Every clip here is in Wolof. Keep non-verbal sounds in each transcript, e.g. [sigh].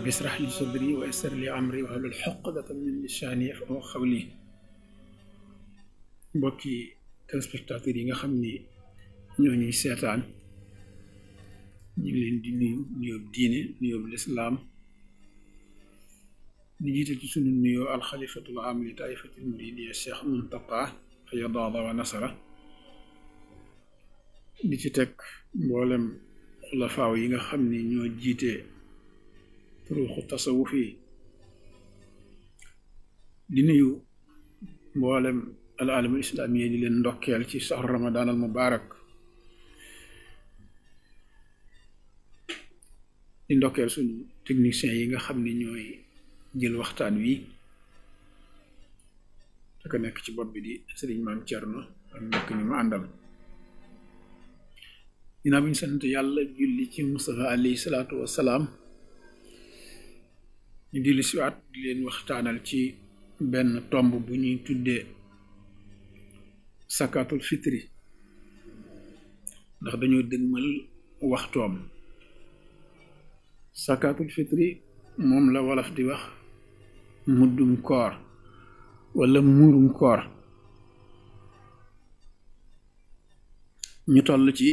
rabbi israh li sadri wa yassir li amri wahlul uqdatan min lisani yafqahu qawli mbokki téléspectateurs yi nga xam ni ñoo ñuy seetaan ñu ngi leen di nuyu nuyoob diine lislaam di jiite ci sunu nuyoo alxalifatul aam li taifatil muridiya cheikh muntaqa fayadaada wa nasara di ci teg mboolem xulafaaw yi nga xam ni ñoo jiite ruuxu tasawuf di nuyu mboolem al alamul islaamiya di leen ndokkeel ci saxru ramadan al mubaarak di ndokkeel suñu technicien yi nga xam ne ñooy jël waxtaan wi te ka nekk ci bopp bi di sëriñ maam Cerno ak mbokk ñu ma àndal ginnaaw bi ñu yàlla julli ci Mustafa alayhi salaatu wassalaam ñu dellu siwaat di leen waxtaanal ci benn tomb bu ñuy tuddee sakatul fitri ndax dañoo dëgmal waxtoom sakatul fitri moom la wolof di wax muddum koor wala muurum koor ñu toll ci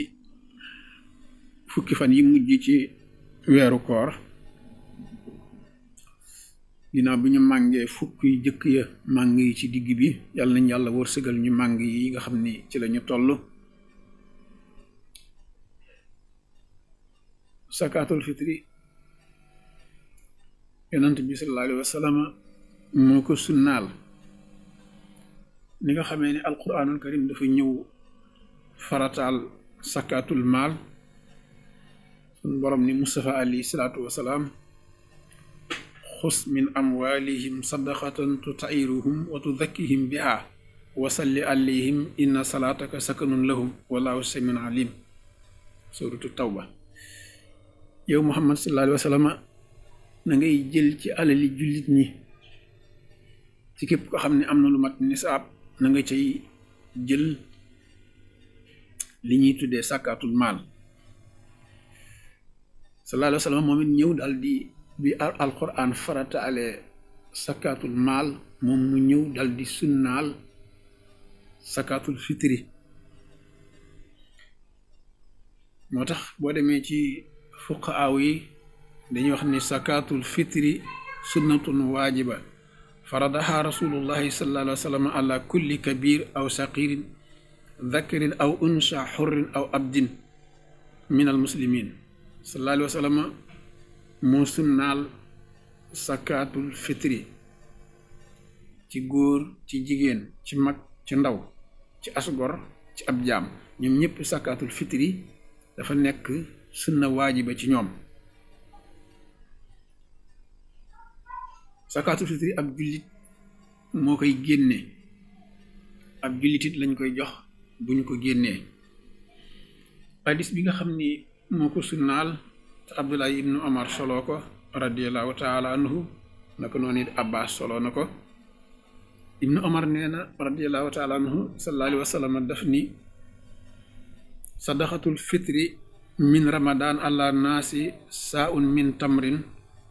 fukki fan yi mujj ci weeru koor ginnaaw bi ñu màngee fukk yu jëkk ya màng yi ci digg bi yàlla nañ yàlla wërsëgal ñu màng yi nga xam ni ci lañu toll sakaatul fitri yonent bi sallallahu alayhi wa sallam moo ko sunnaal ni nga xamee ne alquranul karim dafa ñëw farataal sakaatul maal sun borom ni Mustafa alayhi salaatu wa xus min amwaalihim sadaqatan tutairuhum wa tudakkihim biha wa salli alayhim inna salaataka sakanun lahum wallahu samin alim suratu tawba yow muhammad sallallahu alayhi wa ngay jël ci alali jullit ñi ci képp ko xam ne am na lu mat ni na nga cay jël li ñuy tuddee sàkkaatul maal sallallahu alayhi wa ñëw daal di bi alquran farataale sakaatul maal moom mu ñëw daldi di sunnaal sakaatul fitri moo tax boo demee ci fuqaaw yi dañuy wax ni sakaatul fitri sunnatun waajiba faradaha rasulullahi sallallahu alayhi wa sallam ala kulli kabir aw saqirin dakarin aw unsa xurrin aw abdin min almuslimin sallallahu moo sunnaal sakaatul fitri ci góor ci jigéen ci mag ci ndaw ci asgor ci ab jaam ñoom ñëpp sakaatul fitri dafa nekk sunna waajiba ci ñoom sakaatul fitri ab jullit moo koy génne ab jullitit lañ koy jox bu ñu ko génnee hadis bi nga xam ni moo ko sunnaal abdullahi ibnu omar solo ko radiallahu taala anhu naka noonu it abbas solo na ko ibnu radiallahu taala anhu sallallahu alayhi min ramadan àla naasi saa min tamrin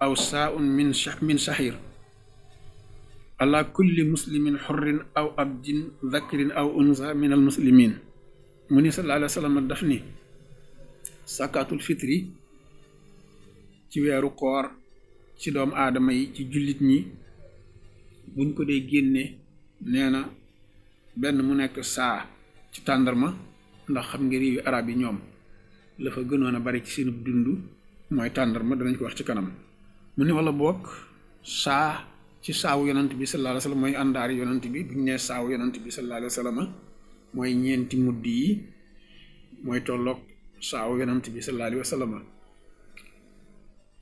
aw saa min shahir ala kulli muslimin xurrin aw abdin dakrin aw unsa min al mu ni sallallahu alayhi wa sallam daf ci weeru koor ci doomu aadama yi ci jullit ñi buñ ko dee génne nee na benn mu nekk saa ci tàndarma ndax xam nga réewi arab yi ñoom la fa gënoon a bari ci seen dund mooy tàndarma danañ ko wax ci kanam mu ne wala bokk saa ci saawu yonant bi sallallahu alayhi wasallam mooy àndaari yonant bi buñ nee saawu yonant bi sallallahu alayhi wasallam mooy ñeenti mudd yi mooy tolloog saawu yonant bi sallallahu alayhi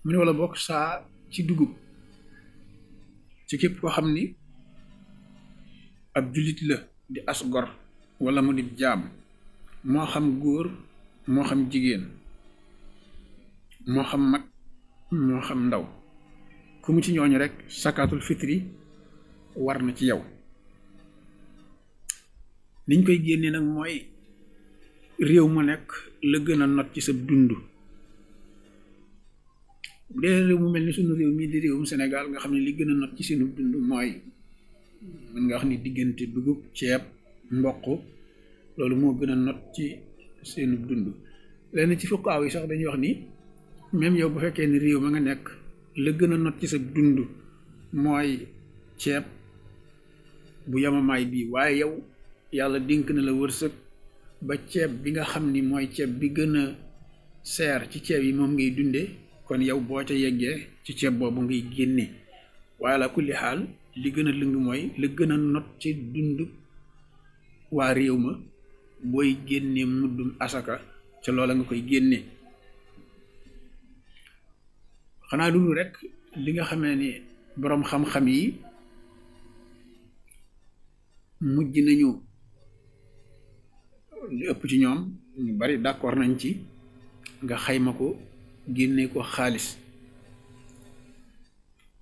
mu ne wala bokk saa ci dugub ci képp koo xam ni ab jullit la di as gor wala mu di jaam moo xam góor moo xam jigéen moo xam mag moo xam ndaw ku mu ci ñooñu rekk sakaatul fitri war na ci yow liñ koy génnee nag mooy réew mu nekk la gën a not ci sa dund bu dee réew mu mel ni suñu réew mii di réewum Sénégal nga xam ne li gën a not ci sunu dund mooy mën nga wax ni diggante dugub ceeb mboq loolu moo gën a not ci seenu dund lenn ci fukkaaw yi sax dañuy wax ni même yow bu fekkee ni réew ma nga nekk la gën a not ci sa dund mooy ceeb bu yamamaay bii waaye yow yàlla dink na la wërsëg ba ceeb bi nga xam ni mooy ceeb bi gën a seer ci ceeb yi moom ngay dundee kon yow boo ca yeggee ci ceeb boobu ngay génne waaye la kulli xaal li gën a lëng mooy la gën a not ci dund waa réew ma booy génne muddum asaka ca loola nga koy génne xanaa loolu rekk li nga xamee ni boroom xam-xam yi mujj nañu li ëpp ci ñoom ñu bari d'accord nañ ci nga xayma ko génne ko xaalis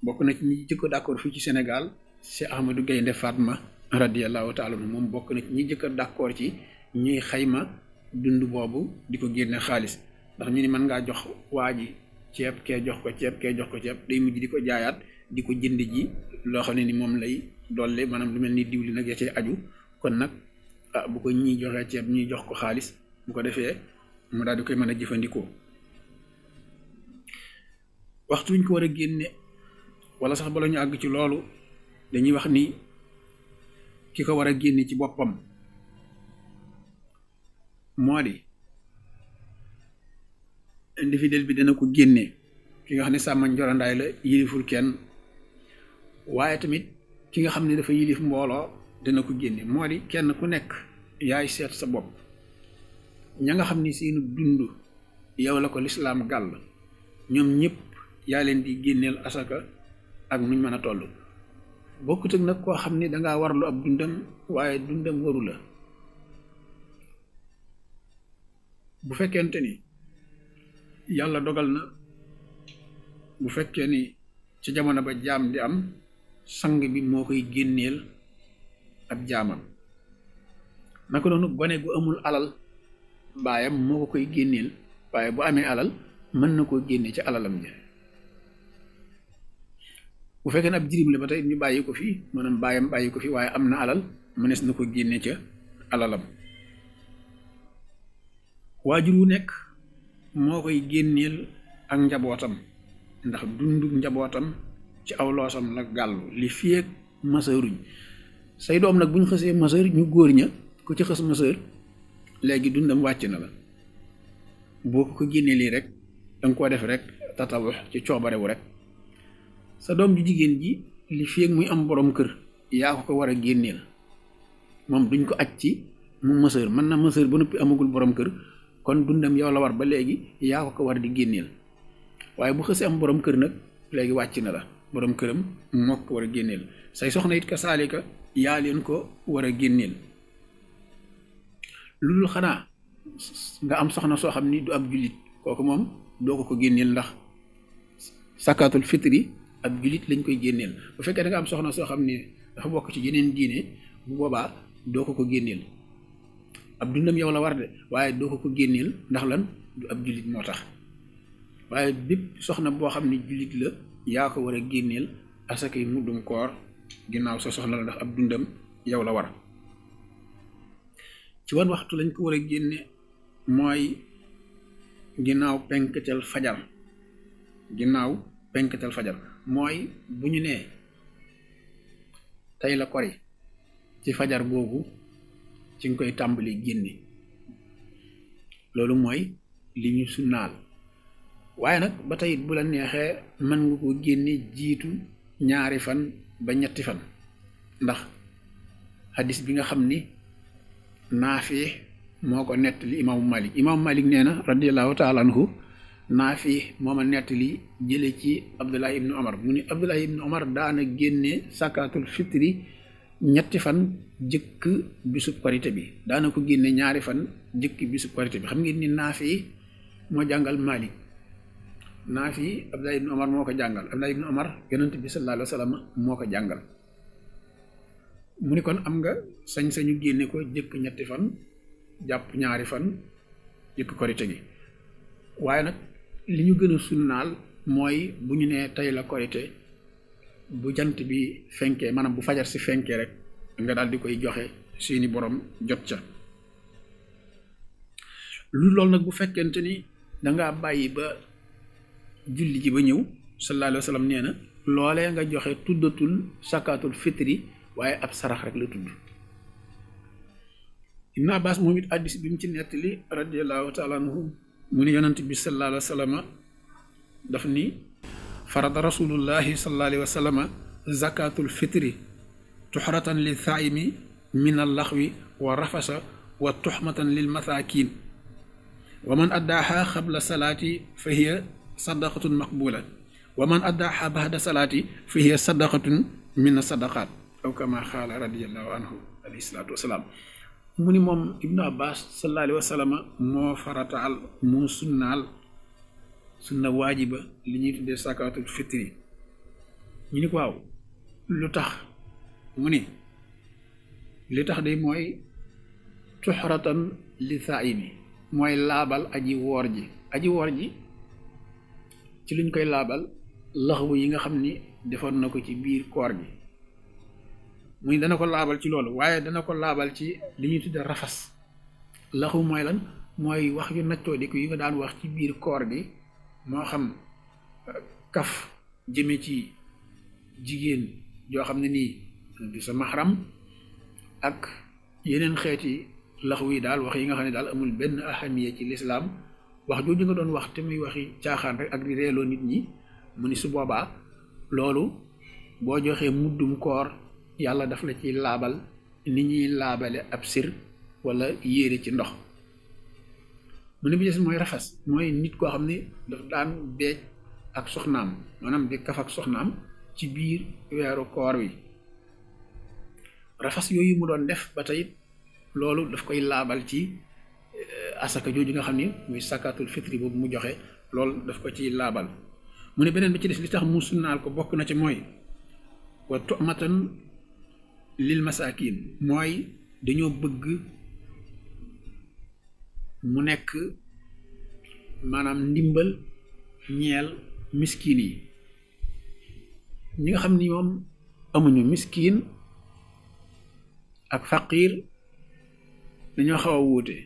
bokk na ci ñi jëkk d'accord fii ci Sénégal Cheikh Ahmadou Gaynde Fatma radiallahu taala anhu moom bokk na ci ñi jëkk d'accord ci ñuy xayma dund boobu di ko génne xaalis ndax ñu ni mën ngaa jox waa ji ceeb kee jox ko ceeb kee jox ko ceeb day mujj di ko jaayaat di ko jënd ji loo xam ne ni moom lay dolli maanaam lu mel ni diwlin nag ya cay aju kon nag ah, bu ko ñii joxee ceeb ñuy jox ko xaalis bu ko defee mu daal di koy mën a jëfandikoo waxtu ñu ko war a génne wala sax bala ñu àgg ci loolu dañuy wax ni ki ko war a génne ci boppam moo di individuel bi dana ko génne ki nga xam ne sàmm njorandaay la yiliful kenn waaye tamit ki nga xam ne dafa yilif mbooloo dana ko génne moo di kenn ku nekk yaay seet sa bopp ña nga xam ni seenu dund yow la ko lislaam gàll ñoom ñëpp yaa leen di génneel asaka ak nuñ mën a toll bokkut ak nag koo xam ni dangaa warlu ab dundam waaye dundam waru la bu fekkente ni yàlla dogal na bu fekkee ni ci jamono ba jaam di am sang bi moo koy génneel ab jaamam naka noonu gone gu amul alal baayam moo koy génneel waaye bu amee alal mën na koo génne ci alalam ja bu fekkee nag ab jirim la ba tey ñu bàyyi ko fii maanaam bàyyam bàyyi ko fi waaye am na alal mënees na ko génne ca alalam waajur wu nekk moo koy génneel ak njabootam ndax dundu njabootam ci aw loosam la gàllu li fii masëruñ say doom nag bu ñu xësee masër ñu góor ña ku ci xës masër léegi dundam wàcc na la boo ko ko génnee lii rek danga koo def rek tatawux ci coobarewu rek sa doom ju jigéen ji li fi muy am boroom kër yaa ko ko war a génneel moom duñ ko aj ci mu mësër mën na mësër ba noppi amagul boroom kër kon dundam yow la war ba léegi yaa ko ko war di génneel waaye bu xësee am boroom kër nag léegi wàcc na la boroom këram moo ko war a génneel say soxna it ka saalika yaa leen ko war a génneel lu dul xanaa nga am soxna soo xam ni du am jullit kooku moom doo ko ko génneel ndax sakaatul fitri ab julit lañ koy génneel bu fekkee da nga am soxna soo xam ne dafa bokk ci yeneen diine bu boobaa doo ko ko génneel ab dundam yow la war de waaye doo ko ko génneel ndax lan du ab julit moo tax waaye bépp soxna boo xam ne julit la yaa ko war a génneel asaka yi muddum koor ginnaaw sa soxna la ndax ab dundam yow la war ci wan waxtu lañ ko war a génne mooy ginnaaw penk cal fajar ginnaaw penkatal fajar mooy bu ñu nee tey la kori ci fajar googu ci nga koy tàmbali génne loolu mooy li ñu sunnaal waaye nag ba teyit bu la neexee man nga ko génne jiitu ñaari fan ba ñetti fan ndax hadis bi nga xam ni naafee moo ko nett li imaamu malik imaamu malik nee na radiallahu taala naafi moom a nettali jële ci abdullahi ibnu omar mu ni génne sakaatul fitri ñetti fan jëkk bi daana ko génne ñaari fan jëkk bisub korite bi xam ngeen ni naafi moo jàngal maalik naafi abdullahi ibnu moo ko jàngal abdullahi ibnu omar bi sallallahu alayhi wa moo ko jàngal mu ni kon am nga sañ-sañu génne ko jëkk ñetti fan jàpp ñaari fan jëkk korite gi waaye nag li ñu gën a sunnaal mooy bu ñu nee tey la korite bu jant bi fenkee manam bu fajar si fenkee rek nga daal di koy joxe seeni borom jot ca lu lool nag bu fekkente ni danga bàyyi ba julli ji ba ñëw sallallahu alayhi wa sallam nee na loolee nga joxe tuddatul sakaatul fitri waaye ab sarax rek la tudd Ibn Abbas moom it addis bi mu ci nettali radiyallahu taala mu ni yonent bi sallallahu alayhi wa sallama daf ni farada rasulullahi sallallahu alayhi wa sallama zakatul fitri tuxratan lil saimi min al laxwi wa rafasa wa tuxmatan lil masaakin wa man addaaha xabla salaati fa hiya sadaqatun maqbula wa man addaaha baxda salaati fa hiya sadaqatun min sadaqaat aw kama xaala radiallahu anhu alayhi salaatu wasalaam mu ni moom ibnu abbas sallallahu alayhi wa sallam moo farataal moo sunnaal sunna waajiba li ñuy tuddee sakaatul fitri ñu ni ko waaw lu tax mu ni li tax day mooy tuxratan li saimi mooy laabal aji woor ji aji woor ji ci luñ koy laabal laxwu yi nga xam ni defoon na ko ci biir koor gi muy dana ko laabal ci loolu waaye dana ko laabal ci li ñuy tudde rafas laxu mooy lañ mooy wax yu naccoo di ko yi nga daan wax ci biir koor gi moo xam eh, kaf jëme ci jigéen joo xam ne nii du sa maxram ak yeneen xeeti laxu yi daal wax yi nga xam ne daal amul benn ahamiya ci lislaam wax jooju nga doon wax te muy waxi caaxaan rek ak di reeloo nit ñi mu ni su boobaa loolu boo joxee muddum koor yàlla daf la ciy laabal ni ñuy laabale ab sir wala yére ci ndox mu ne bi des mooy rafas mooy nit koo xam ne daf daan beej ak soxnaam maanaam bi kaf ak soxnaam ci biir weeru koor wi rafas yooyu mu doon def ba tey loolu daf koy laabal ci eh, asaka jooju nga xam ne muy sakatul fitri boobu mu joxe loolu daf ko ci laabal mu ne beneen bi ci des li tax mu sunnaal ko bokk na ci mooy wa tu'matan lil masaakin mooy dañoo bëgg mu nekk maanaam ndimbal ñeel miskin yi ñi nga xam ni moom amuñu miskin ak faqiir dañoo xaw a wuute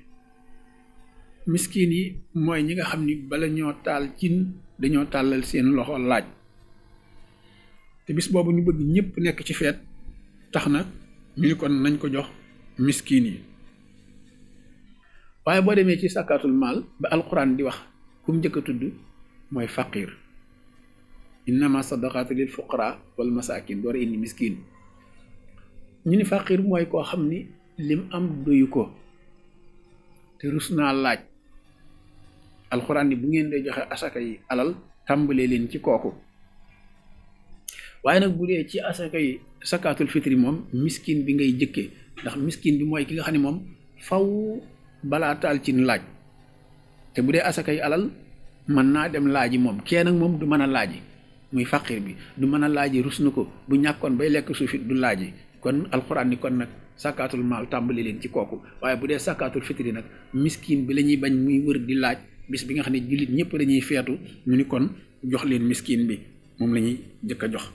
miskin yi mooy ñi nga xam ni bala ñoo taal cin dañoo tàllal seen loxo laaj te bis boobu ñu bëgg ñëpp nekk ci feet tax na ñu ni kon nañ ko jox miskin yi waaye boo demee ci sàkkaatul maal ba alxuraan di wax ku mu njëkk a tudd mooy faqir innama sadaqaatu lil fuqara wal masakin door a indi miskin ñu ni faqiir mooy koo xam ni lim am doyu ko te rus naa laaj alxuraan ni bu ngeen dee joxe asaka yi alal tàmbalee leen ci kooku waaye nag bu dee ci asaka yi sakaatul fitri moom miskin bi ngay jëkkee ndax miskin bi mooy ki nga xam ne moom faw balaa taal ci laaj te bu dee asaka yi alal mën naa dem laaj yi moom kee nag moom du mën a laaji muy faqir bi du mën a laaji rus na ko bu ñàkkoon bay lekk suufi du laaj yi kon alxuraan ni kon nag sàkkaatul maal tàmbali leen ci kooku waaye bu dee sàkkaatul fitri nag miskin bi la ñuy bañ muy wër di laaj bis bi nga xam ne jullit ñëpp dañuy feetu ñu ni kon jox leen miskin bi moom la ñuy jëkk a jox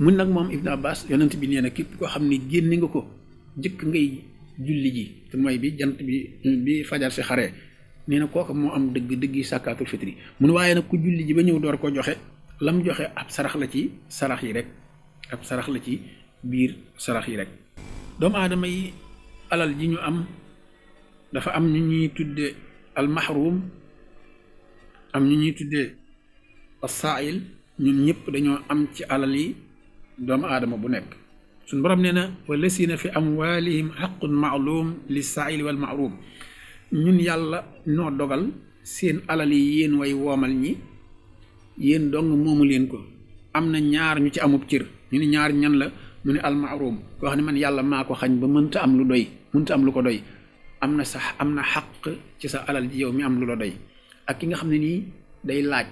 mun nag moom Ibn Abbas yonent bi nee na képp koo xam ne génne nga ko jëkk ngay julli ji te mooy bi jant bi bi fajar si xaree nee na kooku moo am dëgg dëgg yi sàkkaatul fitri mun waaye nag ku julli ji ba ñëw door ko joxe lam joxe ab sarax la ci sarax yi rek ab sarax la ci biir sarax yi rek doomu aadama yi alal ji ñu am dafa am ñu ñuy tudde almahrum am ñu ñuy tudde assail ñun ñëpp dañoo am ci alal yi doomu aadama bu nekk suñ borom nee na wallasina fi amwalihim xaqun maalum li saaili wal maarum ñun yàlla noo dogal seen alal yi yéen way woomal ñi yéen dong moomu leen ko am na ñaar ñu ci amub cër ñu ne ñaar ñan la mu ne almaarum koo xam ne man yàlla maa ko xañ ba mënta am lu doy mënta am lu ko doy am na sax am na xaq ci sa alal yow mi am lu la doy ak ki nga xam ne nii day laaj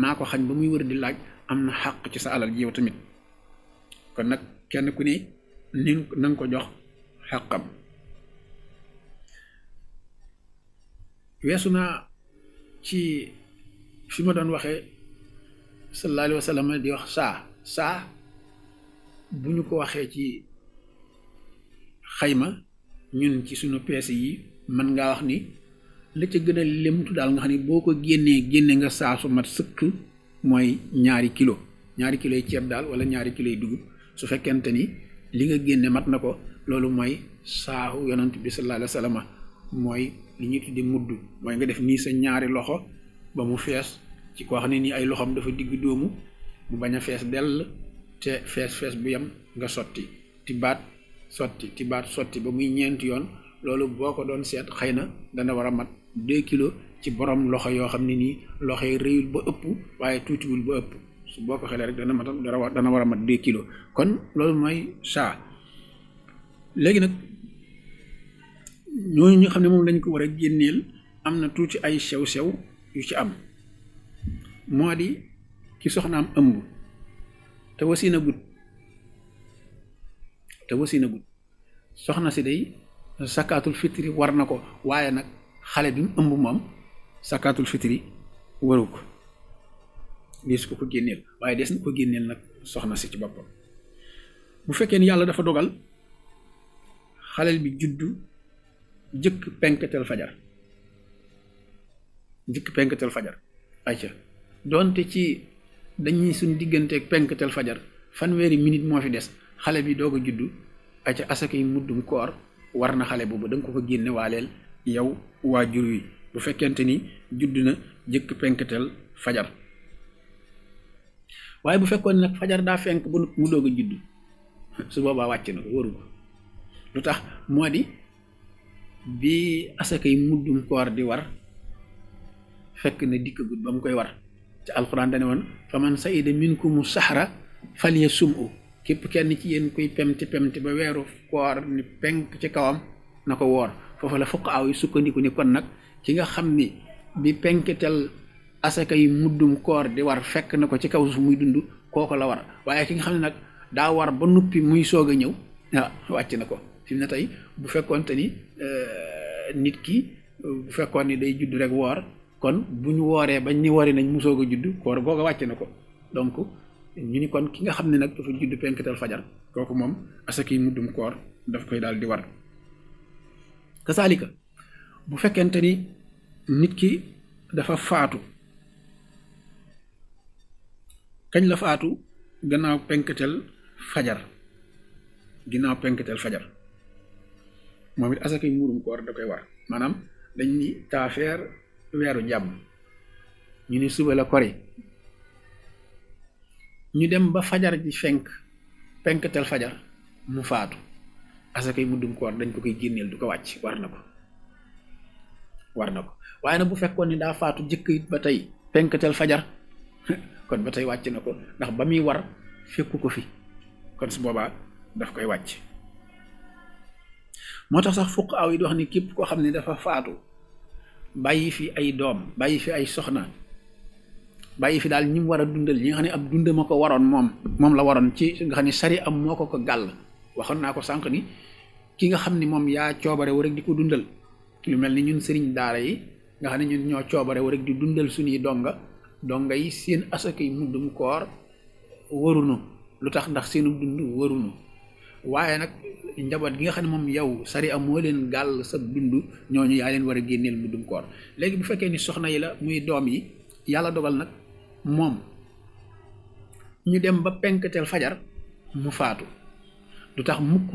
maa ko xañ ba muy wër di laaj am na xaq ci sa alal ji yow tamit kon nag kenn ku ni ni na ko jox xàqam weesu naa ci fi ma doon waxee sallallahu alayhi wa di wax saa saa bu ñu ko waxee ci xayma ñun ci suñu peese yi mën ngaa wax ni la ca gën a lemtu daal nga xam ne boo ko génnee génne nga saa su mat sëkk mooy ñaari kilo ñaari kilo yi ceeb daal wala ñaari kilo yi dugub su fekkente ni li nga génne mat na ko loolu mooy saahu yonant bi sallallahu alayhi wa mooy li ñuy tuddi mudd mooy nga def nii sa ñaari loxo ba mu fees ci koo xam ne nii ay loxoom dafa digg dóomu mu bañ a fees dell te fees fees bu yem nga sotti tibaat sotti tibaat sotti ba muy ñeenti yoon loolu boo ko doon seet xëy na dana war a mat deux kilo ci borom loxo yoo xam ne nii loxo yi réyul ba ëpp waaye tuutiwul ba ëpp su boo ko xelee rek dana matal dana war a mat deux kilos kon loolu mooy saa léegi nag ñooñu ñu xam ne moom lañ ko war a génneel am na tuuti ay sew-sew yu ci am moo di ki soxnaam ëmb te wasina gut te wasina gut soxna si dey sakaatul fitri war na ko waaye nag xale bi mu ëmb moom sakkaatul fitri waru ko diis ko ko génneel waaye des na ko génneel nag soxna si ci boppam bu fekkee ni yàlla dafa dogal xaleel bi juddu jëkk penkatal fajar jëkk penkatal fajar ayca doonte ci dañuy suñ digganteek penkatal fajar fanweeri minute moo fi des xale bi doog a juddu ayca asaka yi muddum koor war na xale boobu da nga ko ko génne waaleel yow waajur wi bu fekkente ni judd na jëkk penkatal fajar waaye bu fekkoon nag fajar daa fenk bu mu doog a juddu su boobaa wàcc na wóoru ko lu tax moo di bi asaka yi muddum koor di war fekk na dikkagut ba mu koy war ci alxuraan dane woon faman sayida minkumu saxra falye sumu képp kenn ci yéen kuy pemti pemti ba weeru koor ni penk ci kawam na ko woor foofu la fuqaaw yi sukkandiku ni kon nag ki nga xam ni bi penkitel asaka yi muddum koor di war fekk na ko ci kaw su muy dund kooku la war waaye ki nga xam ne nag daa war ba nuppi muy soog a ñëw ah wàcc na ko fi mu ne tey bu fekkoon te ni eh, nit ki bu fekkoon ni day judd rek woor kon bu ñu wooree bañ ni wari nañ mu a judd koor googa wàcc na ko donc ñu ni kon ki nga xam ne nag dafa juddu penkatal fajar kooku moom asaka yi muddum koor daf koy daal di war kasaalika bu fekkente ni nit ki dafa faatu kañ la faatu gannaaw penkatel fajar ginnaaw penkatel fajar moom it asakay muurum koor da koy war maanaam dañ ni taafeer weeru jàmm ñu ni suba la kori ñu dem ba fajar ji fenk penkatel fajar mu faatu asakay muddum koor dañ ko koy génneel du ko wàcc war na ko war ko waaye nag bu fekkoon ni daa faatu jëkk it ba tey penkatel fajar [laughs] kon ba tey wàcc na ko ndax ba muy war fekku ko fi kon su boobaa daf koy wàcc moo tax sax fukk aw yi di wax ni képp koo xam ne dafa faatu bàyyi fi ay doom bàyyi fi ay soxna bàyyi fi daal ñi war a dundal ñi nga xam ne ab dund ma ko waroon moom moom la waroon ci nga xam ne sari am ko ko gàll waxoon naa ko sànq ni ki nga xam ni moom yaa coobare wu rek di ko dundal lu mel ni ñun sëriñ daara yi nga xam ne ñun ñoo coobare wu rek di dundal suñuy donga donc yi seen asaka yi muddum koor warunu lu tax ndax seenu dund warunu waaye nag njaboot gi nga xam ne moom yow sari am moo leen gàll sa dund ñooñu yaa leen war a génneel muddum koor léegi bu fekkee ni soxna yi la muy doom yi yàlla dogal nag moom ñu dem ba penkteel fajar mu faatu lu tax mukk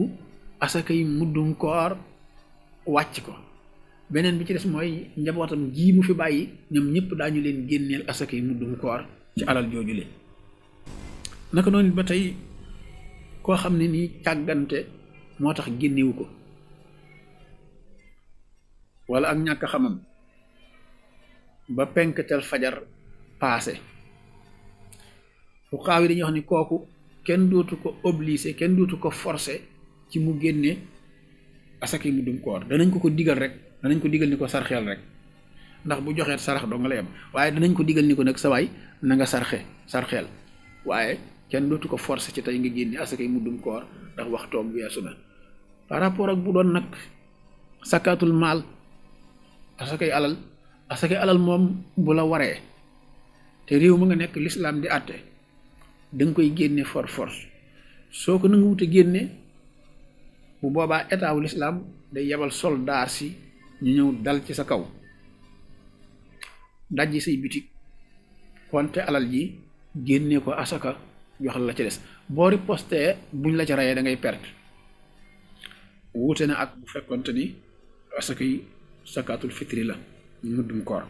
asaka yi muddum koor wàcc ko beneen bi ci des mooy njabootam ji mu fi bàyyi ñoom ñëpp daañu leen génneel asaka yi mudd bu koor ci alal jooju le naka noonu ba tey koo xam ne nii càggante moo tax génnewu ko wala ak ñàkk xamam ba penkteel fajar paase fu xaaw dañuy wax ni kooku kenn dootu ko obligé kenn dootu ko forcé ci mu génne asaka yi muddum koor danañ ko ko digal rek danañ ko digal ni ko sarxeel rek ndax bu joxeet sarax doo nga lay am waaye danañ ko digal ni ko nag sawaay na nga sarxe sarxeel waaye kenn dootu ko forcer ci tey nga génne asakay muddum koor ndax waxtoom weesu na par rapport ak bu doon nag sakaatul maal asakay alal asakay alal moom bu la waree te réew mi nga nekk lislaam di àtte da koy génne for force soo ko nangu wute génne bu boobaa état wu lislaam day yebal soldaar si ñu ñëw dal ci sa kaw dajji say bitig konte alal ji génnee ko asaka joxal la ci des boo bu buñ la ci rayee da ngay perte wuute na ak bu fekkonte ni asaka yi sakaatul fitri la ñu muddum koor